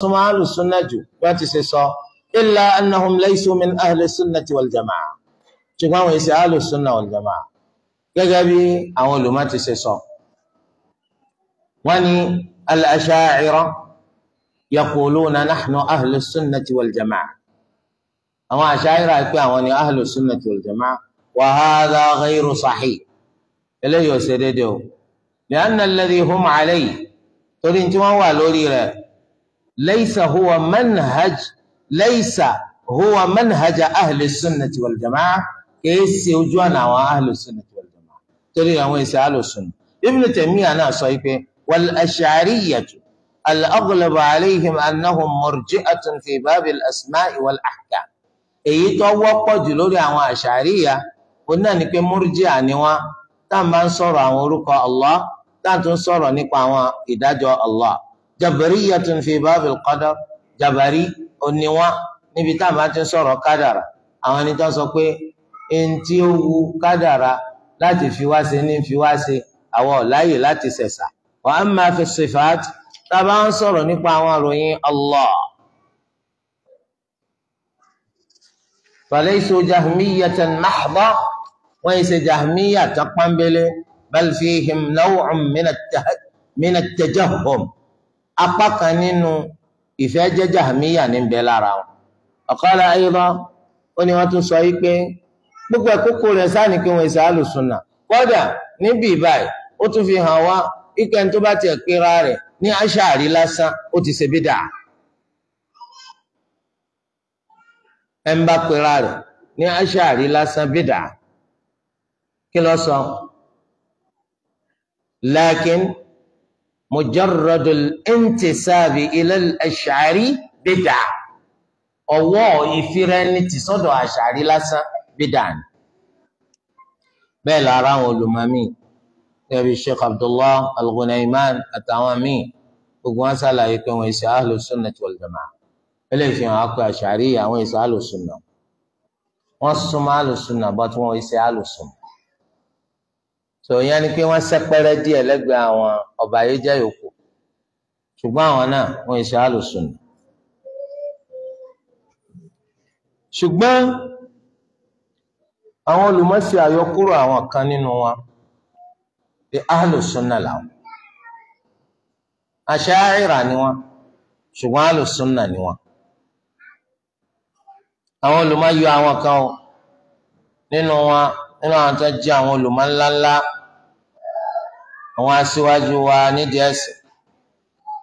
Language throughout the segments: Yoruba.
súnmọ́ alùsúnnà jù bá ti ṣe sọ illa annahum laysu min ahli sunnati wal jama'a ṣùgbọ́n àwọn èsì alùsúnnà wal jama'a gẹ́gẹ́ bí àwọn olùmọ̀ ti ṣe sọ wọ́n ní al-asha'ira yaquluna nahnu ahli sunnati wal jama'a àwọn àṣàyíra pé àwọn ni ahlu sunnati wal jama'a wa ghayru sahih eléyìí ò ṣe déédéé o li'anna alladhi hum alayhi torí tí wọ́n wà lórí rẹ̀ laysa huwa manhaj laysa huwa manhaj ahli sunnati wal jamaa kìí ṣe ojú ọ̀nà àwọn ahli sunnati wal jamaa torí àwọn èsì ahli sunna Ibn Taymiyyah náà sọ pé wal ash'ariyyatu al-aghlab alayhim annahum murji'atun fi babi al-asma'i wal ahkam èyí tó wọ́pọ̀ jù lórí àwọn àṣàríyà òun náà ni pé múrjíà ni wọ́n tá à ń bá ń sọ̀rọ̀ àwọn orúkọ Allah tá à ń tún sọ̀rọ̀ nípa àwọn ìdájọ́ Allah jabariyatun fi báfil qadar jabari oníwá níbi tá a máa ti sọ̀rọ̀ kádàrà àwọn ẹni tó sọ pé ẹni tí ó wu kádàrà láti fi wá ṣe ní fi wá ṣe àwọn ọ̀láyè láti ṣẹ̀ṣà wa amma fi sifat tá a bá ń sọ̀rọ̀ nípa àwọn àròyìn Allah falaysu jahmiyatan mahdha wọ́n yìí ṣe jahmiya tán pọ́nbélé bal fihim naw'un min at apá kan nínú ìfẹ́ jẹ́ jahamiya ní bẹ lára wọn ọ̀kọ́lá ayọ́bá ó ní wọ́n tún sọ yí pé gbogbo ẹ̀kókò rẹ̀ sáà ní kí wọ́n ṣe àlùsùnà kódà níbi ìbáyìí ó tún fi hàn wá ikẹ́ tó bá tiẹ̀ pera rẹ̀ ní aṣáàrí lásán ó ti ṣe bí ẹ̀ ń bá pera rẹ̀ ní aṣáàrí lásán bí dáa kí lọ sọ lákìn. مجرد الانتساب إلى الأشعري بدع ọwọ́ ìfirẹni ti sọ́dọ̀ àṣàrí lásán bídà ni bẹ́ẹ̀ lára àwọn olùmọ̀mí ẹbí Sheikh Abdullah Al-Ghunayman àtàwọn míì gbogbo wọn ṣàlàyé pé wọn ìṣe ahlu sunnati wal jamaa eléyìí fi hàn á àṣàrí àwọn ìṣe ahlu wọn súnmọ́ ahlu sunna wọn ìṣe ahlu so ìyẹn ni pé wọ́n sẹ́pẹ́rẹ́ díẹ̀ lẹ́gbẹ̀ẹ́ àwọn ọba yìí jẹ́ yòókù ṣùgbọ́n àwọn náà wọ́n ṣe àlùsùn ṣùgbọ́n àwọn olùmọ̀sí àyọkúrò àwọn kan nínú wọn bí àlùsùn náà làwọn àṣàyíra ni wọn ṣùgbọ́n àlùsùn náà ni wọn àwọn olùmọ̀ yọ àwọn kan o nínú wọn nínú àwọn tó jẹ́ àwọn olùmọ̀ ńláńlá. àwọn aṣíwájú wa nídìí ẹ̀sìn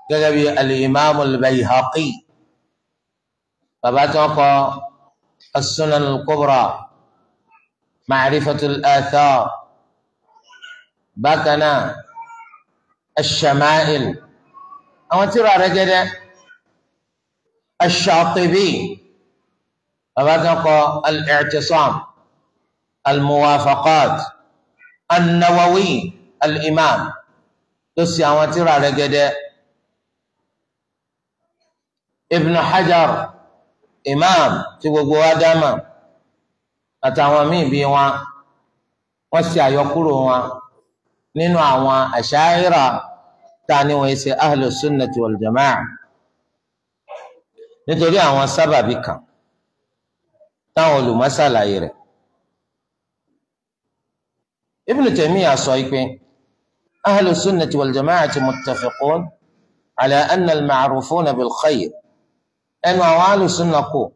gẹ́gẹ́ bí al-imam al-bayhaqi bàbá tí wọ́n kọ as-sunan al-kubra ma'rifatul athar bákan náà ash-shama'il àwọn tíra rẹ̀ gẹ́gẹ́ ash-shatibi bàbá tí wọ́n kọ al-i'tisam al-muwafaqat an-nawawi. al-imam ló sì àwọn tírà rẹ̀gẹ̀dẹ̀ ibn hajar imam tí gbogbo wa dáma àtàwọn míì bí wọn wọn sì àyọkúrò wọn nínú àwọn àṣàyíra tá a ní wọn ṣe ahlu sunnati wal jamaa nítorí àwọn sábàbí kan táwọn olùmọ̀sálàyé rẹ̀ ibn taymiya sọ pé. أهل السنة والجماعة متفقون على أن المعروفون بالخير أن أهل السنة قو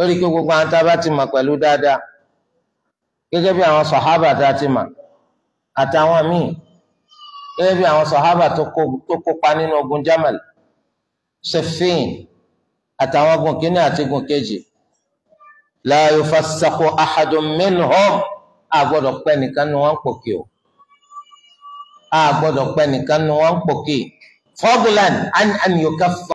lórí kí gbogbo àwọn tá a bá ti mọ̀ pẹ̀lú dáadáa gẹ́gẹ́ bí àwọn sọ̀hábà tá a ti mọ̀ àtàwọn míì gẹ́gẹ́ bí àwọn sọ̀hábà tó kópa nínú ogun Jamal Siffin àtàwọn ogun kínní àti ogun kejì la yufassaqu ahadun minhum àgbọ̀dọ̀ pẹ́ nìkan ni wọ́n ń pòkè o a gbọ́dọ̀ pẹ́ nìkan nu wọn pòkè fọ́gùlán an an yóò ká